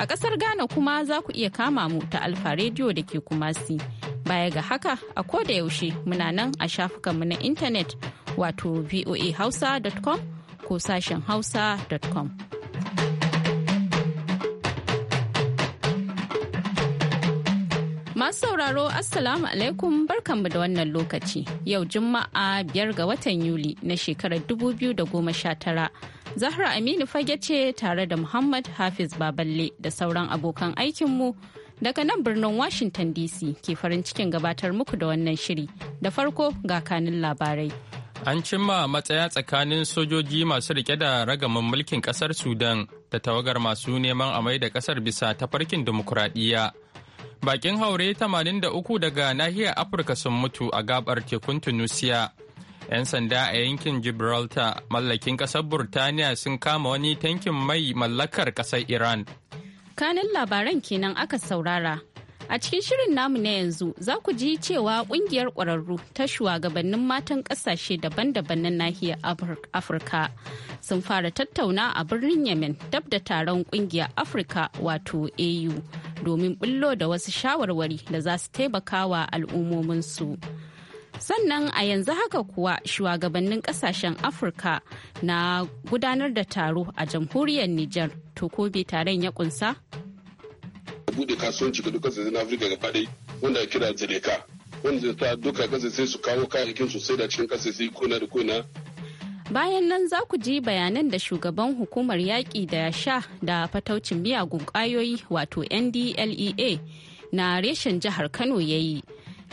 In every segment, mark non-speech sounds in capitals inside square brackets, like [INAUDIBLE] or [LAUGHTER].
A ƙasar Ghana kuma za ku iya kama mu ta Alfa Radio da ke Kumasi. Baya ga haka a koda yaushe muna nan a mu na intanet wato voahausa.com ko sashen hausa.com. Masu sauraro Assalamu alaikum barkanmu da wannan lokaci. Yau Juma'a biyar ga watan Yuli na shekarar 2019. Zahra Aminu fage ce tare da Muhammad Hafiz Baballe da sauran abokan aikinmu daga nan birnin Washington DC ke farin cikin gabatar muku da wannan shiri. Da farko ga kanin labarai. An cimma matsaya tsakanin sojoji masu rike da ragamin mulkin kasar Sudan da tawagar masu neman amai da kasar bisa ta farkin dimokuraɗiyya. Bakin haure 83 daga nahiyar Afirka sun mutu a gabar tekun Tunusiya. 'Yan sanda a yankin Gibraltar mallakin kasar Burtaniya sun kama wani tankin mai mallakar kasar Iran. Kanin labaran kenan aka saurara. A cikin shirin namu na yanzu za ku ji cewa kungiyar ƙwararru ta shugabannin matan ƙasashe daban-daban na nahiyar Afirka sun fara tattauna a birnin Yemen dab da taron kungiyar Afirka wato AU domin bullo da wasu shawarwari da za su taimaka wa al'ummominsu. Sannan a yanzu haka kuwa shugabannin ƙasashen Afirka na gudanar da taro a jamhuriyar Nijar, to ko taron ya kunsa? bude kasuwanci ga dukkan sassan afirka gaba ɗaya wanda kira zaleka wanda ta duka kasashe su kawo kayayyakin su sai da cikin sai kona da kona bayan nan za ku ji bayanan da shugaban hukumar yaƙi da sha da fataucin miyagun ƙwayoyi wato ndlea na reshen jihar kano ya yi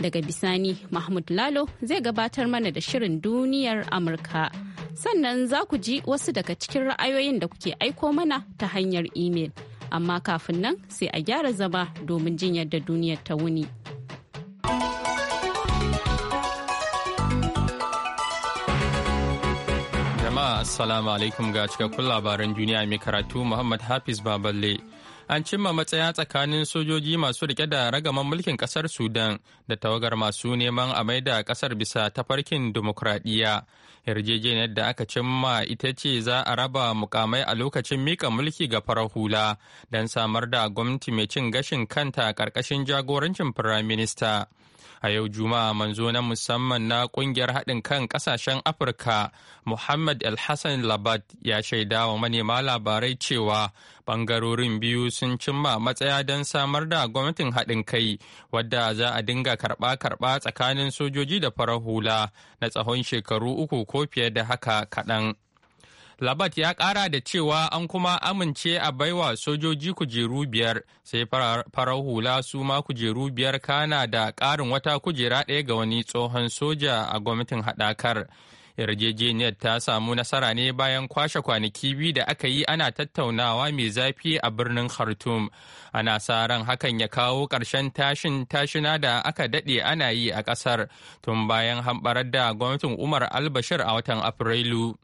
daga bisani mahmud lalo zai gabatar mana da shirin duniyar amurka sannan za ku ji wasu daga cikin ra'ayoyin da kuke aiko mana ta hanyar imel. amma kafin nan sai a gyara zama domin jin yadda duniyar ta wuni. Jama'a Assalamu alaikum ga cikakkun labaran duniya mai karatu Muhammad Hafiz Baballe. an cimma matsaya tsakanin sojoji masu rike da ragaman mulkin kasar sudan da tawagar masu neman a maida kasar bisa tafarkin dimokuraɗiyya yarjejeniyar da aka cimma ita ce za a raba mukamai a lokacin mika mulki ga farar hula don samar da gwamnati mai cin gashin kanta ƙarƙashin jagorancin firaminista a yau juma'a manzo na musamman na kungiyar haɗin kan ƙasashen afirka muhammad alhassan Labad ya shaida wa manema labarai cewa ɓangarorin biyu sun cimma matsaya don samar da gwamnatin haɗin kai wadda za a dinga karɓa-karɓa tsakanin sojoji da farar hula na tsahon shekaru uku ko fiye da haka kaɗan. Labat ya kara da cewa an kuma amince a baiwa sojoji kujeru biyar sai farar hula su ma kujeru biyar kana da karin wata kujera ɗaya ga wani tsohon soja a gwamnatin haɗakar. yarjejeniyar ta samu nasara ne bayan kwashe kwanaki biyu da aka yi ana tattaunawa mai zafi a birnin khartoum ana sa ran hakan ya kawo ƙarshen tashin tashina da aka daɗe ana yi a ƙasar tun bayan hamɓarar da gwamnatin umar albashir a watan afrilu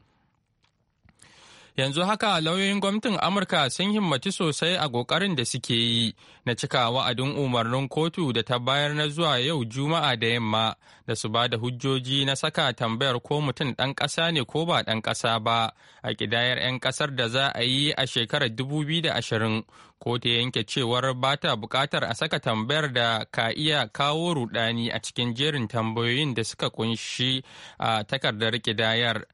Yanzu haka lauyoyin gwamnatin Amurka sun himmatu sosai a ƙoƙarin da suke yi na cika wa'adin umarnin kotu da ta bayar na zuwa yau Juma'a da yamma da su ba da hujjoji na saka tambayar ko mutum ɗan ƙasa ne ko ba ɗan ƙasa ba a ƙidayar 'yan ƙasar da za a yi a shekarar 2020 ko ta yanke cewar ba ta buƙatar a saka tambayar da ka iya kawo rudani a cikin jerin tambayoyin da suka kunshi a takardar ƙidayar.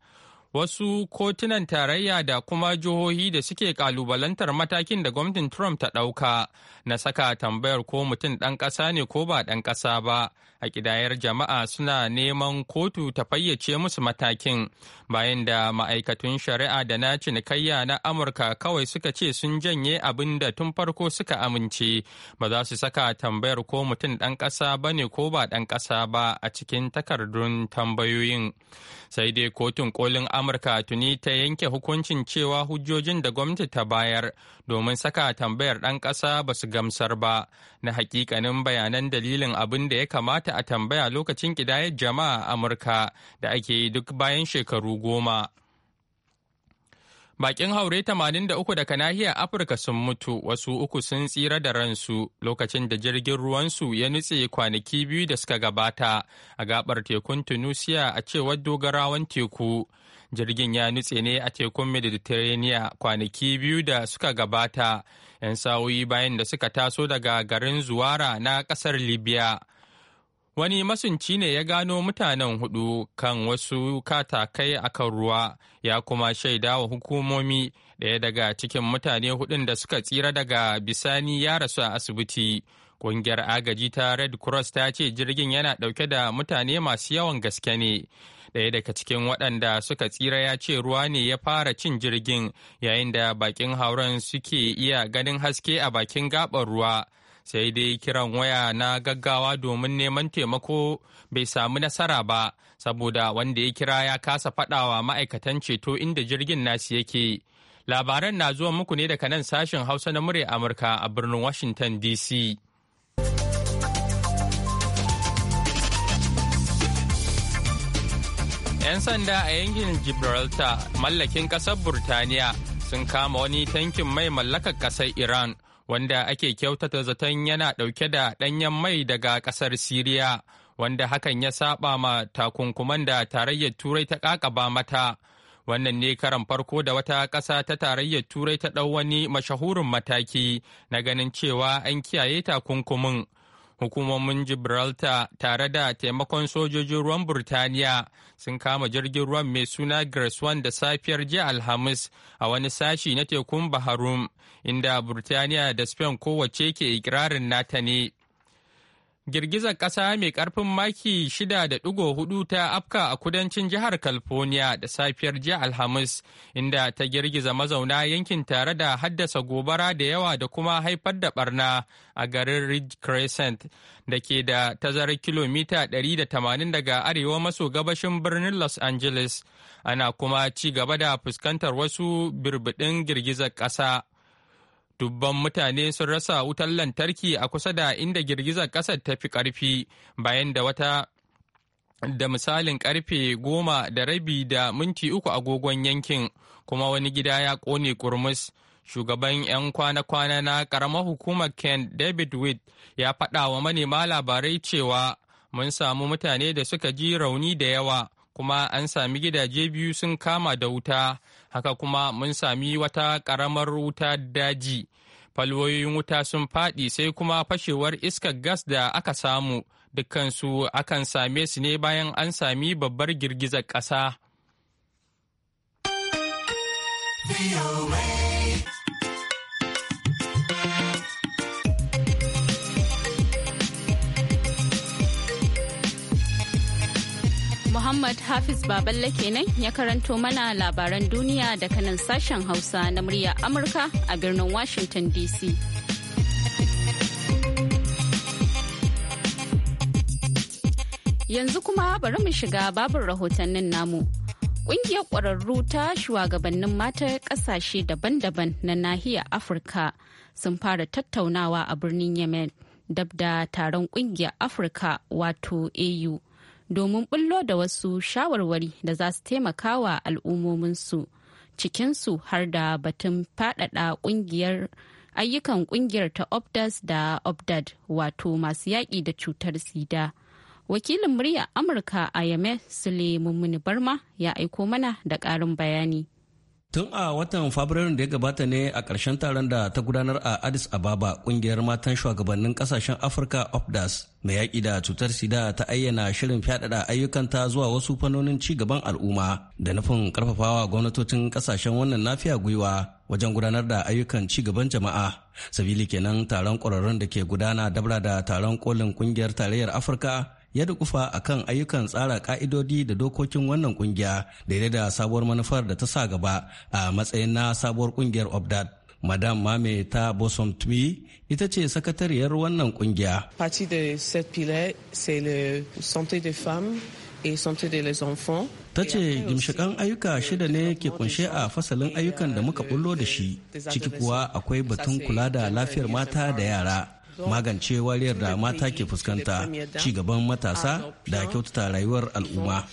wasu kotunan tarayya da kuma jihohi da suke kalubalantar matakin da gwamnatin Trump ta ɗauka na saka tambayar ko mutum ɗan ƙasa ne ko ba ɗan ƙasa ba a ƙidayar jama'a suna neman kotu ta fayyace musu matakin bayan da ma'aikatun shari'a da na cinikayya na amurka kawai suka ce sun janye abin da tun farko suka amince ba za su saka tambayar ko mutum ɗan ƙasa ba ne ko ba ɗan ƙasa ba a cikin takardun tambayoyin sai dai kotun kolin amurka tuni ta yanke hukuncin cewa hujjojin da gwamnati ta bayar domin saka tambayar ɗan ƙasa ba su gamsar ba na hakikanin bayanan dalilin abin da ya kamata kamata a tambaya lokacin kidayar jama'a a Amurka da ake yi duk bayan shekaru goma. Bakin haure 83 daga nahiyar Afirka sun mutu, wasu uku sun tsira da ransu lokacin da jirgin ruwansu ya nutse kwanaki biyu da suka gabata a gabar tekun tunusiya a cewar dogarawan teku. Jirgin ya nutse ne a tekun Mediterranean kwanaki biyu da suka gabata, 'yan sa'o'i bayan da suka taso daga garin Zuwara na kasar Libya. Wani masunci ne ya gano mutanen hudu kan wasu katakai akan ruwa ya kuma shaida wa hukumomi ɗaya daga cikin mutane hudun da suka tsira daga bisani ya rasu a asibiti. Ƙungiyar agaji ta Red Cross ta ce jirgin yana ɗauke da mutane masu yawan gaske ne. Ɗaya daga cikin waɗanda suka tsira ya ce ruwa ne ya fara cin jirgin yayin da bakin hauren suke iya ganin haske a bakin gaɓar ruwa. sai dai kiran waya na gaggawa domin neman taimako bai samu nasara ba saboda wanda ya kira ya kasa fadawa ma'aikatan ceto inda jirgin nasi yake labaran na zuwa muku ne daga nan sashen hausa na murya amurka a birnin washington dc yan sanda a yankin gibraltar mallakin kasar burtaniya sun kama wani tankin mai mallakar kasar iran wanda ake kyautata zaton yana ɗauke da ɗanyen mai daga ƙasar Siriya, wanda hakan ya saba ma takunkuman da tarayyar Turai ta ƙaƙaba mata. Wannan ne karan farko da wata ƙasa ta tarayyar Turai ta ɗau wani mashahurin mataki na ganin cewa an kiyaye takunkumin. hukumomin gibraltar tare da taimakon sojojin ruwan burtaniya sun kama jirgin ruwan mai suna Greswan da safiyar jiya alhamis a wani sashi na tekun baharum inda burtaniya da spain kowace ke ikirarin nata ne Girgizar ƙasa mai ƙarfin maki 6.4 ta afka a kudancin jihar California da safiyar jiya Alhamis, inda ta girgiza mazauna yankin tare da haddasa gobara da yawa da kuma haifar da barna a garin Ridge Crescent da ke da tazarar kilomita 180 daga arewa maso gabashin birnin Los Angeles. Ana kuma ci gaba da fuskantar wasu birbiɗin girgizar ƙasa dubban mutane sun rasa wutar lantarki a kusa da inda girgizar kasar ta fi ƙarfi bayan da wata da misalin karfe goma da rabi da minti uku agogon yankin kuma wani gida ya ƙone kurmus shugaban 'yan kwana-kwana na ƙaramar hukumar ken david wade ya faɗa wa manema labarai cewa mun samu mutane da suka ji rauni da yawa kuma an sami gidaje biyu sun kama da wuta haka kuma mun sami wata ƙaramar wuta daji falwoyin wuta sun faɗi sai kuma fashewar iskar gas da aka samu dukkansu akan same su ne bayan an sami babbar girgizar ƙasa. Muhammad Hafiz Baballe kenan ya karanto mana labaran duniya da nan sashen Hausa na murya Amurka a birnin Washington DC. Yanzu kuma bari mu shiga babin rahotannin namu. Ƙungiyar ƙwararru ta shugabannin mata ƙasashe daban-daban na nahiyar Afirka sun fara tattaunawa a birnin Yemen dab da taron ƙungiyar Afirka wato AU. domin bullo da wasu shawarwari da za su taimaka wa al'ummominsu cikinsu har da batun faɗaɗa ƙungiyar ayyukan ƙungiyar ta obdas da obdad wato masu yaƙi da cutar sida wakilin murya amurka a yame sule mummuni barma ya aiko mana da ƙarin bayani Tun a watan Fabrairun da ya gabata ne a ƙarshen taron da ta gudanar a Addis Ababa ƙungiyar matan shugabannin ƙasashen Afirka OPDAS mai yaƙi da cutar sida ta ayyana shirin fyaɗaɗa ayyukanta zuwa wasu fannonin ci gaban al'umma da nufin ƙarfafawa gwamnatocin ƙasashen wannan lafiya gwiwa wajen gudanar da ayyukan ci gaban jama'a. Sabili kenan taron ƙwararrun da ke gudana dabra da taron kolin ƙungiyar tarayyar Afirka ya dukufa kan ayyukan tsara ka'idodi da dokokin wannan kungiya daidai da sabuwar manufar da ta sa gaba a matsayin na sabuwar kungiyar obdad madam mame ta bosom tumi ita ce sakatariyar wannan kungiya parti de cette pilier c'est le santé des femmes et santé des les enfants ta ce gimshikan ayyuka euh, shida ne ke kunshe a fasalin ayyukan da euh, muka bullo da shi ciki kuwa akwai batun kula da lafiyar mata da yara magance wariyar da mata ke fuskanta ci gaban matasa da kyautata rayuwar al'umma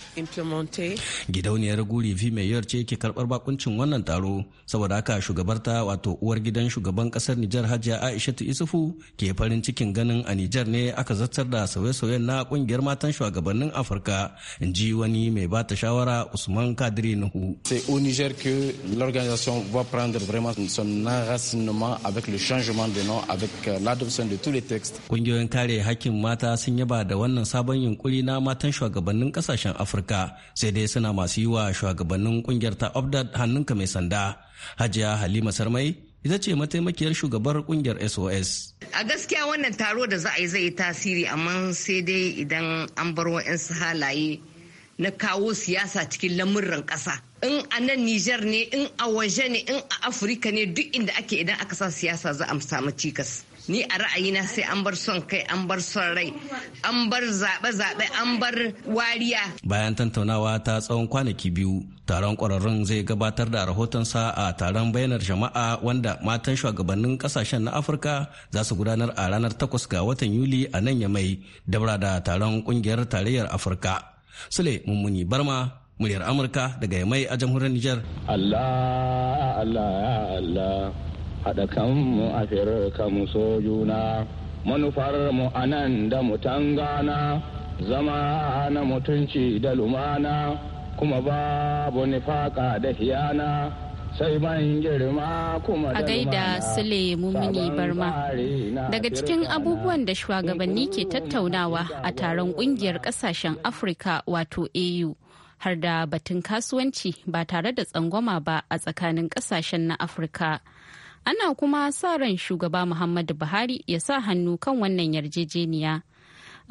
gidauniyar guri fi mai yawar ce ke karbar bakuncin wannan taro saboda haka shugabarta wato uwar gidan shugaban kasar nijar hajiya aishatu isufu ke farin cikin ganin a nijar ne aka zartar da sauye-sauyen na kungiyar matan shugabannin afirka in ji wani mai bata shawara usman kadiri nuhu l'organisation va prendre vraiment son enracinement avec le changement de nom, avec euh, l'adoption de tous les Kungiyoyin kare hakkin mata sun yaba da wannan sabon yunkuri na matan shugabannin kasashen Afirka sai dai suna masu yi wa shugabannin kungiyar ta Obdad ka mai sanda. Hajiya Halima Sarmai ita ce mataimakiyar shugabar kungiyar SOS. A gaskiya wannan taro da za a yi zai yi tasiri amma sai dai idan an bar wa'yansu halaye na kawo siyasa cikin lamurran ƙasa. In a nan Nijar ne, in a waje ne, in a Afirka ne duk inda ake idan aka sa siyasa za a samu cikas. ni a ra'ayina sai an bar son kai an bar son rai an bar zaɓe-zaɓe an bar wariya bayan tantaunawa ta tsawon kwanaki biyu taron ƙwararrun zai gabatar da rahotonsa a taron bayanar jama'a wanda matan shugabannin ƙasashen na afirka za su gudanar a ranar takwas ga watan yuli a nan yamai dabra da taron ƙungiyar tarayyar afirka sule mummuni barma muryar amurka daga yamai a jamhuriyar niger allah allah allah haɗa kanmu a firka mu so juna manufar mu anan da mu tangana zama na mutunci da lumana kuma babu nifaka da hiyana sai ban girma kuma a gaida sule mumini barma daga cikin abubuwan da shugabanni ke tattaunawa a taron kungiyar kasashen afirka wato au har da batun kasuwanci ba tare da tsangwama ba a tsakanin kasashen na afirka ana kuma sa ran shugaba muhammadu buhari ya sa hannu kan wannan yarjejeniya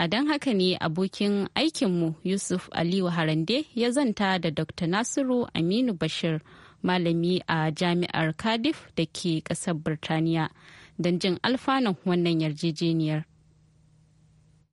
a don haka ne abokin aikinmu yusuf aliyu harande ya zanta da dr nasiru aminu bashir malami a jami'ar cardiff da ke kasar birtaniya don jin alfanun wannan yarjejeniyar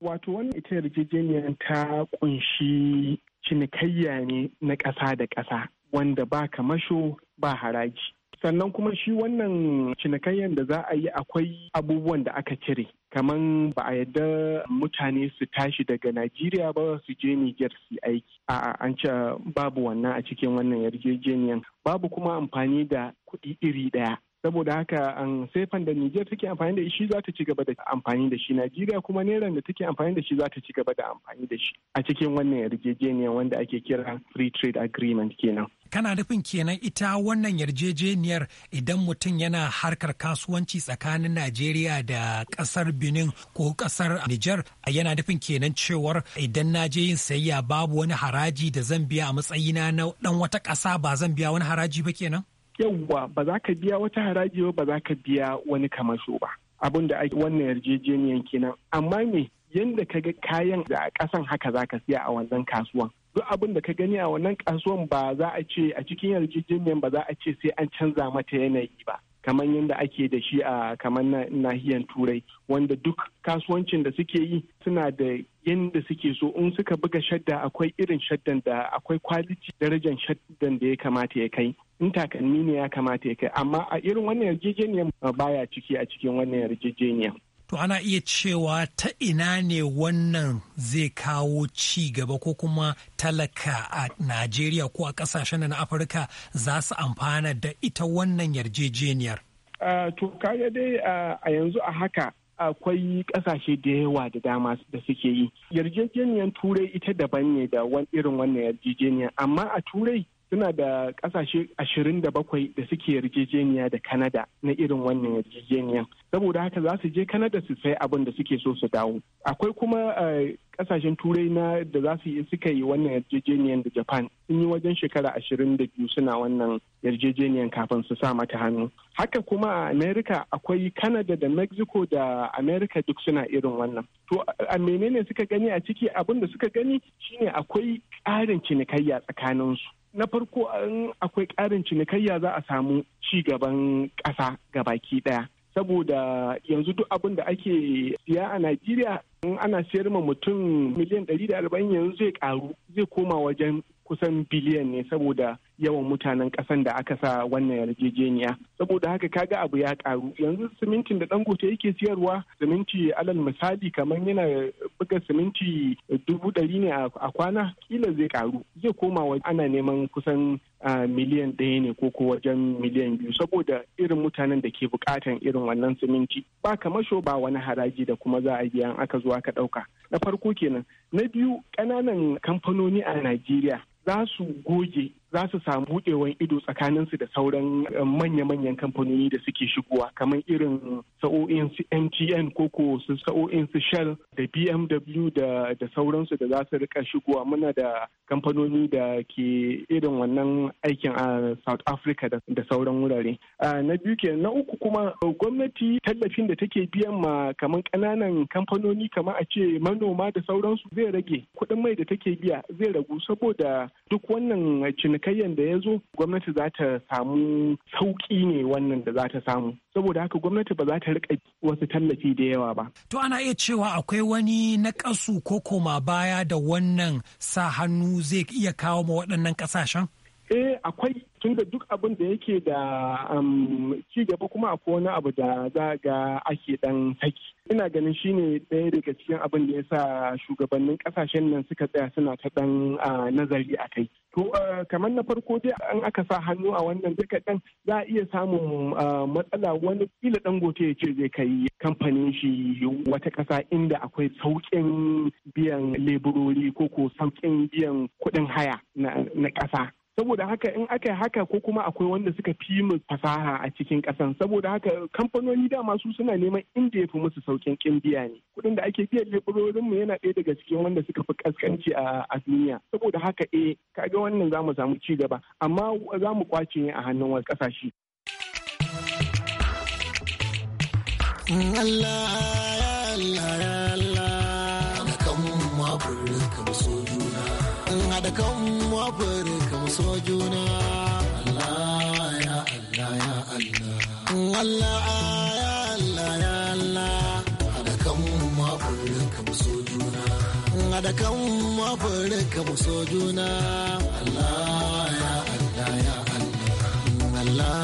wato wannan ita yarjejeniyar ta kunshi cinikayya ne na ƙasa da ƙasa wanda ba kamasho ba haraji sannan kuma shi wannan cinikayyar da za a yi akwai abubuwan da aka cire kaman ba a yadda mutane su tashi daga najeriya ba su je niger su aiki a an ce babu wannan a cikin wannan yarjejeniyan babu kuma amfani da kuɗi iri ɗaya saboda haka an um, sefan da Nijar take amfani da shi za ta ci gaba da amfani da shi Najeriya kuma neran da take amfani da shi za ta ci gaba da amfani da shi a cikin wannan yarjejeniyar wanda ake kira free trade agreement kenan kana nufin kenan ita wannan yarjejeniyar idan mutum yana harkar kasuwanci tsakanin najeriya da kasar benin ko kasar niger yana nufin kenan cewar idan na je yin sayayya babu wani haraji da zan biya a matsayina na dan wata ƙasa ba zan biya wani haraji ba kenan yawwa ba za ka biya wata haraji ba ba za ka biya wani kamasho ba abin da wannan yarjejeniyar kenan amma me yadda ka ga kayan da a ƙasan haka za ka siya a wannan kasuwan duk abin da ka gani a wannan kasuwan ba za a ce a cikin yarjejeniyar ba za a ce sai an canza mata yanayi ba kamar yadda ake da shi a kamar nahiyar turai wanda duk kasuwancin da suke yi suna da yadda suke so in suka buga shadda akwai irin shaddan da akwai kwaliti darajar shaddan da ya kamata ya kai in takalmi ne ya kamata ya kai amma a irin wannan yarjejeniyar baya ciki a cikin wannan yarjejeniyar to ana iya cewa ta ina ne wannan zai kawo ci gaba ko kuma talaka a najeriya ko a kasashen na afirka za su amfana da ita wannan yarjejeniyar to kaya dai a yanzu a haka akwai kasashe da yawa da dama da suke yi yarjejeniyar turai ita daban ne da irin wannan yarjejeniyar amma a turai suna da kasashe 27 da suke yarjejeniya da Kanada na irin wannan yarjejeniyan. Saboda haka za su je Kanada su sai abin da suke so su dawo. Akwai kuma kasashen eh, turai na da za su suka yi wannan yarjejeniyan da Japan sun yi wajen shekara 22 suna wannan yarjejeniyan kafin su sa mata hannu. Haka kuma a Amerika akwai Kanada da Mexico da Amerika duk suna irin wannan. To a menene suka gani a ciki abin da suka gani shine akwai ƙarin cinikayya tsakaninsu. na farko an akwai ƙarin cinikayya za a samu ci gaban ƙasa baki ɗaya. Saboda yanzu duk abin da ake siya a Najeriya in ana siyar ma mutum miliyan ɗari da arba'in yanzu zai ƙaru zai koma wajen kusan biliyan ne saboda yawan mutanen ƙasan da aka sa wannan yarjejeniya saboda haka kaga abu ya karu yanzu simintin da dangote yake siyarwa siminti alal misali kamar yana buga siminti dubu ɗari ne a kwana kila zai karu zai koma ana neman kusan miliyan ɗaya ne ko wajen miliyan biyu saboda irin mutanen da ke bukatan irin wannan siminti ba kamasho ba wani haraji da kuma za a biya aka zo ka ɗauka na farko kenan na biyu ƙananan kamfanoni a najeriya za su goge za su samu buɗewan ido tsakaninsu da sauran eh, manya-manyan kamfanoni da suke shigowa kamar irin sa'o'in su mtn koko su sa'o'in su shell da bmw da, da sauransu da za su rika shigowa muna da kamfanoni da ke irin wannan aikin a south africa da, sauran wurare na biyu ke na uku kuma gwamnati tallafin da take biyan ma kamar ƙananan kamfanoni kamar a ce manoma da sauransu zai rage kuɗin mai da take biya zai ragu saboda duk wannan cinikayyan da ya zo gwamnati za ta samu sauƙi ne wannan da za ta samu saboda haka gwamnati ba za ta rika wasu tallafi da yawa ba. To ana iya cewa akwai wani na naƙasu ko koma baya da wannan sa hannu zai iya kawo ma waɗannan ƙasashen? Eh akwai da duk abin da yake da um, ci gaba kuma akwai wani abu da za ga ake dan saki ina ganin shine ɗaya daga cikin abin da ya sa shugabannin kasashen nan suka tsaya suna ta dan nazari a kai to kamar na farko dai an aka sa hannu a wannan duka dan za a iya samun matsala wani kila dan gote ya ce zai kai kamfanin shi wata ƙasa inda akwai sauƙin biyan leburori ko ko sauƙin biyan kuɗin haya na ƙasa saboda haka in aka yi haka ko kuma akwai wanda suka fi mu fasaha a cikin kasan saboda haka kamfanoni dama su suna neman inda ya fi musu saukin kin biya ne kuɗin da ake biya leburorin mu yana ɗaya daga cikin wanda suka fi kaskanci a duniya saboda haka eh kaga wannan za mu samu ci gaba amma za mu kwace a hannun wasu ƙasashe. Allah Allah so juna Allah ya Allah ya Allah Allah ya kan mu ma ka mu so juna hada kan mu ma ka mu so juna Allah ya Allah ya Allah Allah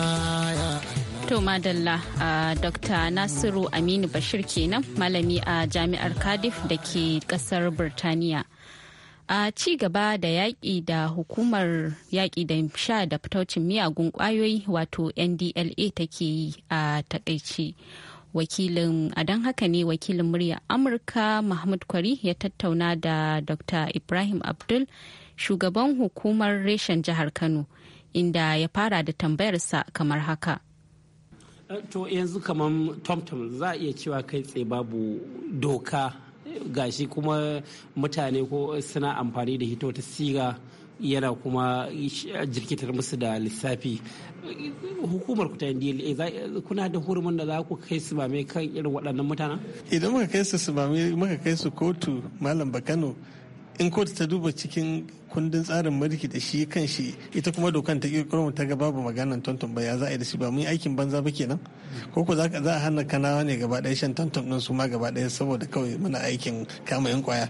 To Madalla uh, Dr. Nasiru Aminu Bashir kenan malami a jami'ar Cardiff da ke kasar Birtaniya. a ci gaba da yaƙi da hukumar yaƙi da sha da fitaucin miyagun ƙwayoyi wato ndla take yi a takaice wakilin a don haka ne wakilin murya amurka mahmud kwari ya tattauna da dr ibrahim abdul shugaban hukumar reshen jihar kano inda ya fara da tambayarsa kamar haka to yanzu kamar tomtom za a iya cewa kai tsaye babu doka gashi kuma mutane ko suna amfani da hito ta siga yana kuma jirkitar musu da lissafi hukumar ku ta ndla kuna da hurumin da za ku kai su mai kan irin waɗannan mutanen idan muka kai su ba mai muka kai su kotu malam bakano in kotu ta duba cikin kundin tsarin mulki da shi kan shi ita kuma dokan ta kirkiro ta ga babu maganan tantan ba ya za a yi da shi ba mun aikin banza ba kenan ko ko za a hana kanawa ne gaba ɗaya shan tantan din su ma gaba ɗaya saboda kawai muna aikin kama yan kwaya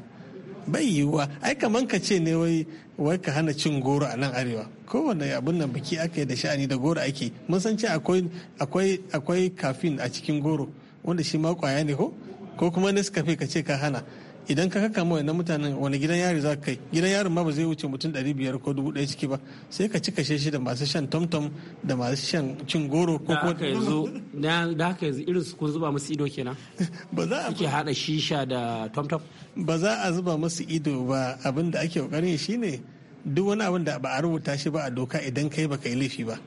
bai yiwuwa ai kaman ka ce ne wai wai ka hana cin goro a nan arewa kowane abin nan biki aka yi da sha'ani da goro ake mun san ce akwai akwai akwai kafin a cikin goro wanda shi ma kwaya ne ko ko kuma nescafe ka ce ka hana idan ka kaka mawa na mutanen wani gidan yari za ka kai gidan yarin ma ba zai wuce mutum 500 ko 1000 ciki ba sai ka cika shi da masu shan tomtom da masu shan cin goro ko ko da yanzu da haka yanzu irin su kun zuba musu ido kenan [LAUGHS] ba za a ke hada shisha da tomtom ba za a zuba musu ido ba abin da ake kokarin shine duk wani abin da ba a rubuta shi ba a doka idan kai baka yi laifi ba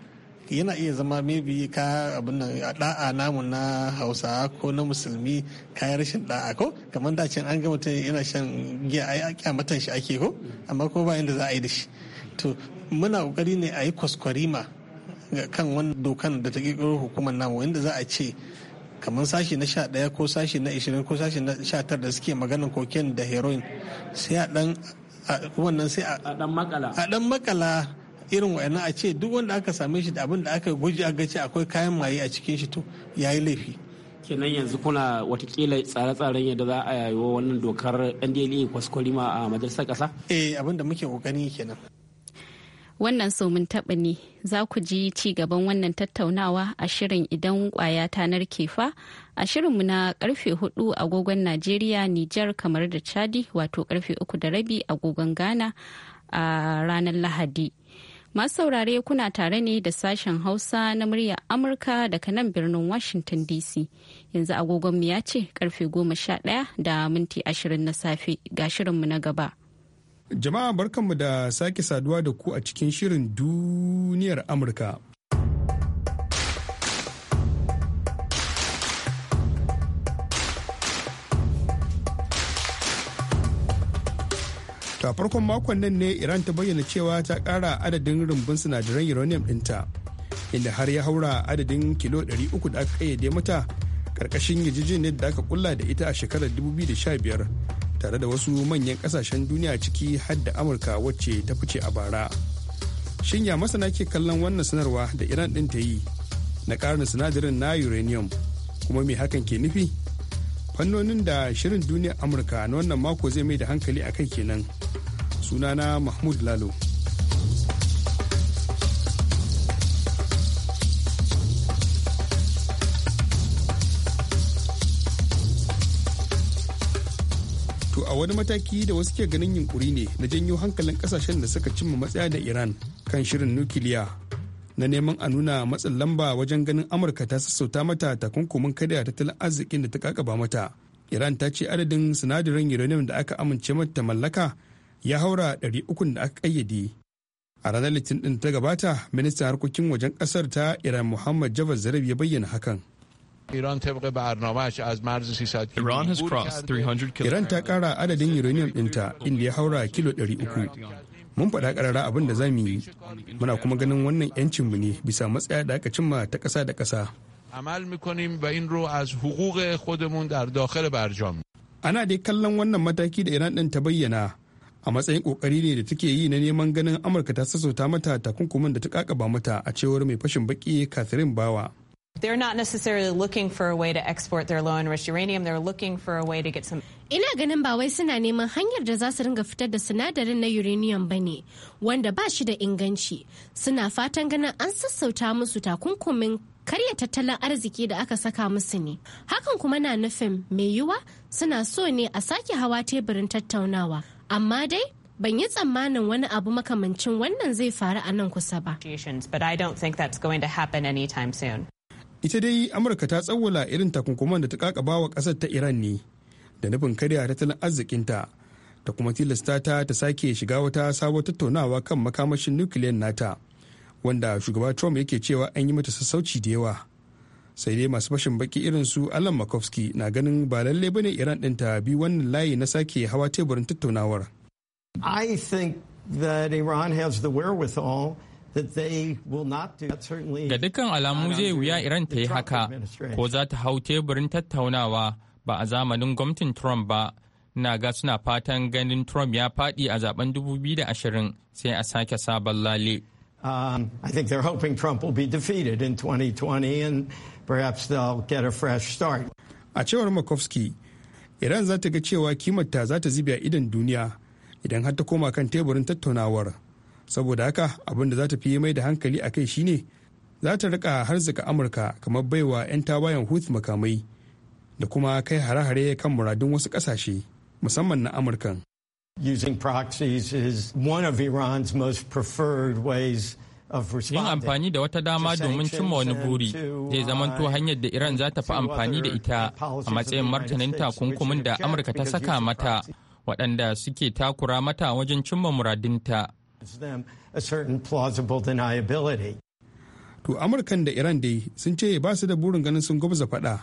yana iya zama maybe ka abin nan da'a namu na hausa ko na musulmi kayan rashin da'a ko kamar da an ga mutum yana shan giya a kyamatan shi ake ko amma ko ba yadda za a yi da shi to muna kokari ne a yi kwaskwarima kan wani dokan da ta kirkiro hukumar namu inda za a ce kamar sashi na sha ɗaya ko sashi na ishirin ko sashi na sha tara da suke maganin koken da heroin sai a dan wannan sai a dan makala a dan makala irin wa'annan a ce duk wanda aka same shi da abin da aka guji a gace akwai kayan maye a cikin shi to ya yi laifi kenan yanzu kuna watakila tsare-tsaren yadda za a yayo wannan dokar ndla e kwaskwarima a majalisar kasa eh abin da muke kokari kenan wannan somin taɓa ne za ku ji ci gaban wannan tattaunawa a shirin idan kwaya ta narke fa a shirin mu na karfe 4 agogon najeriya nijar kamar da chadi wato karfe uku da rabi agogon ghana a ranar lahadi Masu saurare kuna tare ne da sashen Hausa na muryar Amurka daga nan birnin Washington DC. Yanzu agogonmu ya ce karfe goma sha ɗaya da minti ashirin na safe ga shirinmu na gaba. Jama'a barkanmu da sake saduwa da ku a cikin shirin duniyar Amurka. to a farkon makon nan ne iran ta bayyana cewa ta kara adadin rumbun sinadaran uranium ɗinta inda har ya haura adadin kilo 300 da aka kayyade mata ƙarƙashin yarjejeniyar da aka kulla da ita a shekarar 2015 tare da wasu manyan ƙasashen duniya ciki har da amurka wacce ta fice a bara shin ya masana ke kallon wannan sanarwa da iran ɗin ta yi na ƙarin sinadarin na uranium kuma me hakan ke nufi fannonin da shirin duniya amurka na wannan mako zai mai da hankali a kai kenan sunana mahmud lalo To a wani mataki da wasu ke ganin yunkuri ne na janyo hankalin kasashen da suka cimma matsaya da Iran kan shirin nukiliya na neman a nuna matsin lamba wajen ganin Amurka ta sassauta mata takunkumin kada tattalin arzikin da ta kakaba mata. Iran ta ce adadin sinadarin uranium da aka amince mata mallaka ya haura 300 da aka kayyade a ranar litinin din ta gabata ministan harkokin wajen ƙasar ta iran muhammad javad zarif ya bayyana hakan Iran ta kara adadin uranium ɗinta inda ya haura kilo 300. Mun faɗa ƙarara abin da za mu yi. Muna kuma ganin wannan mu ne bisa matsaya da aka cimma ta ƙasa da ƙasa. Ana dai kallon wannan mataki da Iran ɗin ta bayyana a matsayin kokari ne da take yi na neman ganin amurka ta sassauta mata takunkumin da ta kakaba mata a cewar mai fashin baki catherine bawa They're not necessarily looking for a way to export their low enriched uranium. They're looking for a way to get some. Ina ganin ba wai suna neman hanyar da za su ringa fitar da sinadarin na uranium bane wanda ba shi da inganci. Suna fatan ganin an sassauta musu takunkumin karya tattalin arziki da aka saka musu ne. Hakan kuma na nufin mai yiwa suna so ne a sake hawa teburin tattaunawa. amma dai ban yi tsammanin wani abu makamancin wannan zai faru a nan kusa ba. Ita dai Amurka ta tsawwala irin takunkuman da ta kakaba wa ƙasar ta Iran ne da nufin karya tattalin arzikinta ta kuma tilasta ta ta sake shiga wata sabuwar tattaunawa kan makamashin nukiliyan nata wanda shugaba Trump yake cewa an yi mata sassauci da yawa. sai dai masu fashin baki irin su alan makovsky na ganin ba lalle bane iran din ta bi wannan layi na sake hawa teburin tattaunawar i think that iran has the wherewithal Ga dukkan alamu zai wuya Iran ta yi haka, ko za ta hau teburin tattaunawa ba a zamanin gwamnatin Trump ba. Na ga suna fatan ganin Trump ya faɗi a zaben 2020 sai a sake sabon lale. Um, I think they're hoping Trump will be defeated in 2020 and perhaps they'll get a fresh start. A cewar Makovsky, Iran za ta ga cewa kimarta za ta zibe a idan duniya idan har ta koma kan teburin tattaunawar. Saboda haka abin da za ta fi mai da hankali a kai shine za ta rika harzika Amurka kamar baiwa 'yan tawayen Houthi makamai da kuma kai hare-hare kan muradun wasu ƙasashe musamman na Amurkan. Using proxies is one of Iran's most preferred ways Yin amfani da wata dama domin cimma wani buri zai zamanto hanyar da Iran za ta fi amfani da ita a matsayin martanin takunkumin da Amurka ta saka mata waɗanda suke takura mata wajen cimma muradinta. To Amurkan da Iran dai sun ce ba su da burin ganin sun gwabza faɗa.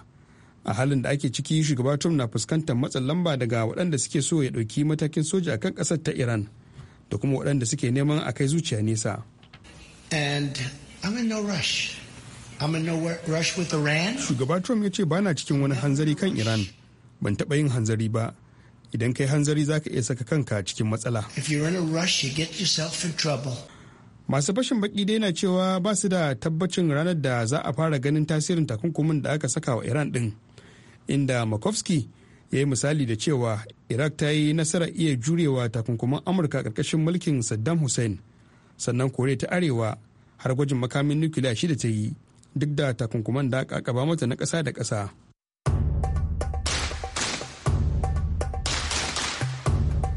A halin da ake ciki shugaba Trump na fuskantar matsin lamba daga waɗanda suke so ya ɗauki matakin soja kan ƙasar ta Iran da kuma waɗanda suke neman a kai zuciya nesa. And I'm in no rush. I'm in no rush with Iran. Shugaba Trump ya ce ba na cikin wani hanzari kan Iran. Ban taɓa yin hanzari ba. Idan kai hanzari za ka iya saka kanka cikin matsala. If you're in a rush, you get yourself in trouble. Masu fashin baki dai na cewa ba su da tabbacin ranar da za a fara ganin tasirin takunkumin da aka saka wa Iran din Inda Makovsky ya yi misali da cewa Iraq ta yi nasara iya jurewa takunkuman Amurka ƙarƙashin mulkin Saddam Hussein. sannan kore ta arewa har gwajin makamin nukiliya shida ta yi duk da takunkuman da aka ba mata na ƙasa da ƙasa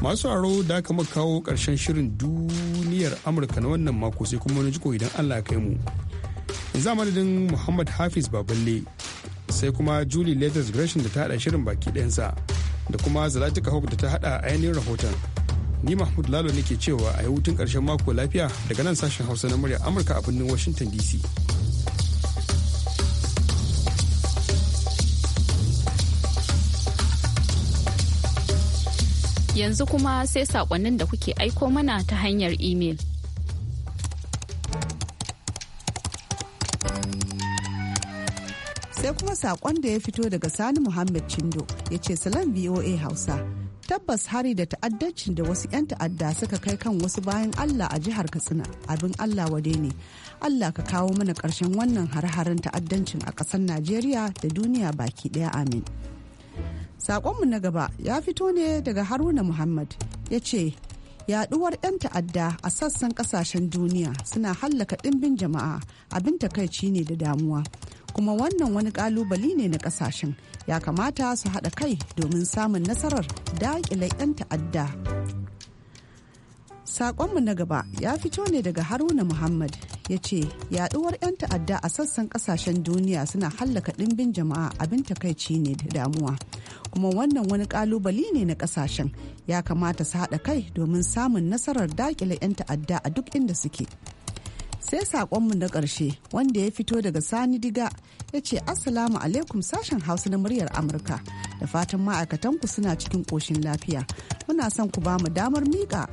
masu aro da aka muka kawo ƙarshen shirin duniyar amurka na wannan mako sai kuma wani jiko idan allah kai mu za madadin muhammad hafiz baballe sai kuma julie letters gresham da ta haɗa shirin baki ɗayansa da kuma zalatika hope da ta haɗa ainihin rahoton ni mahmud lalo nake cewa a yi hutun karshen mako lafiya daga nan sashen hausa na murya amurka a birnin washington dc yanzu kuma sai saƙonnin da kuke aiko mana ta hanyar imel. sai kuma saƙon da ya fito daga sani muhammad chindo ya ce salon voa hausa tabbas hari da ta'addancin da wasu 'yan ta'adda suka kai kan wasu bayan allah a jihar katsina abin allah wade ne allah ka kawo mana ƙarshen wannan har harin ta'addancin a ƙasar najeriya da duniya baki ɗaya amin saƙonmu na gaba ya fito ne daga haruna muhammad ya ce yaɗuwar 'yan ta'adda a sassan ƙasashen duniya suna hallaka ɗimbin jama'a abin takaici ne da damuwa kuma wannan wani kalubali ne na kasashen ya kamata su haɗa kai domin samun nasarar daƙile 'yan ta'adda Sakonmu na gaba ya fito ne daga Haruna Muhammad ya ce yaɗuwar 'yan ta'adda a sassan kasashen duniya suna hallaka ɗimbin jama'a abin takaici ne da damuwa. Kuma wannan wani kalubali ne na kasashen ya kamata su haɗa kai domin samun nasarar daƙile 'yan ta'adda a duk inda suke. sai saƙonmu na ƙarshe wanda ya fito daga sani diga ya ce assalamu alaikum sashen hausa na muryar amurka da fatan ma'aikatanku suna cikin ƙoshin lafiya muna son ku ba mu damar miƙa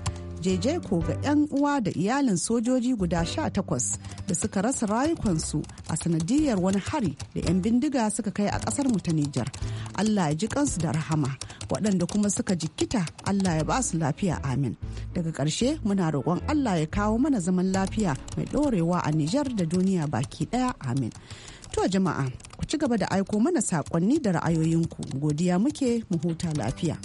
jejeko ga 'yan uwa da iyalin sojoji guda sha takwas da suka rasa rayukansu a sanadiyar wani hari da 'yan bindiga suka kai a kasar mu ta Nijar. Allah ya ji kansu da rahama waɗanda kuma suka jikita Allah ya ba su lafiya amin. Daga ƙarshe muna roƙon Allah ya kawo mana zaman lafiya mai ɗorewa a Nijar da duniya baki ɗaya amin. To jama'a ku ci gaba da aiko mana saƙonni da ra'ayoyinku godiya muke mu huta lafiya.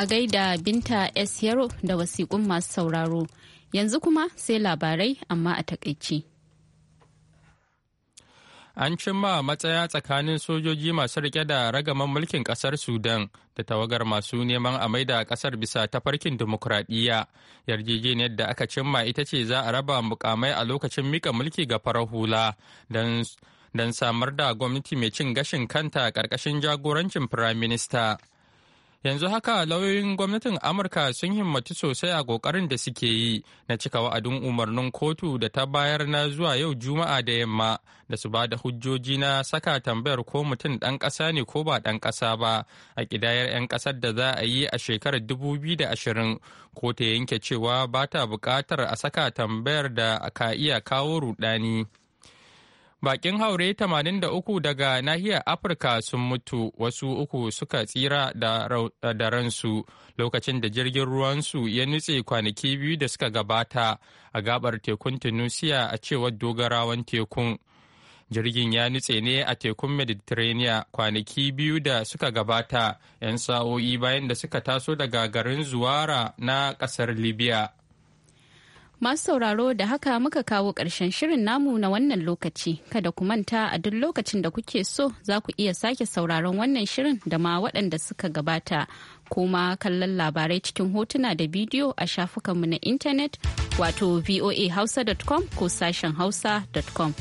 A gaida Binta S. Yaro da wasiƙun masu sauraro. Yanzu kuma sai labarai amma a takaici. An cimma matsaya tsakanin sojoji masu rike da ragaman mulkin kasar Sudan da tawagar masu neman a maida kasar bisa tafarkin dimokuraɗiyya. Yarjejeniyar da aka cimma ita ce za a raba mukamai a lokacin mika mulki ga farar hula don samar da gwamnati mai cin gashin kanta ƙarƙashin jagorancin firaminista. yanzu haka lauyoyin gwamnatin amurka sun himmatu sosai a kokarin da suke yi na cika wa'adin umarnin kotu da ta bayar na zuwa yau juma'a da yamma da su ba da hujjoji na saka tambayar ko mutum ɗan ƙasa ne ko ba ɗan ƙasa ba a ƙidayar 'yan ƙasar da za a yi a shekarar dubu biyu da ashirin ko ta yanke cewa ba ta buƙatar a saka tambayar da ka iya kawo ruɗani. Bakin haure 83 daga nahiyar Afirka sun mutu wasu uku suka tsira da ransu lokacin da jirgin ruwansu ya nutse kwanaki biyu da suka gabata a gabar tekun tunusiya a cewar dogarawan tekun. Jirgin ya nutse ne a tekun Mediterranean kwanaki biyu da suka gabata 'yan sa'o'i bayan da suka taso daga garin Zuwara na kasar Libya. Masu sauraro da haka muka kawo ƙarshen shirin namu na wannan lokaci, kada ku manta a duk lokacin da kuke so za ku iya sake sauraron wannan shirin da ma waɗanda suka gabata, kuma kallon labarai cikin hotuna da bidiyo a shafukanmu na intanet wato voahausa.com ko sashen hausa.com.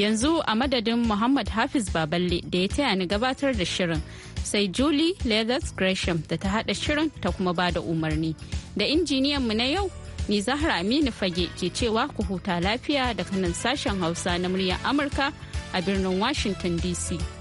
yanzu a madadin Muhammad Hafiz Baballe da ya taya ni gabatar da shirin sai Julie Leathers Gresham da ta haɗa shirin ta kuma ba da umarni da injiniyanmu na yau Ni Zahra Aminu Fage ke cewa ku huta lafiya daga nan sashen Hausa na muryar Amurka a birnin Washington DC.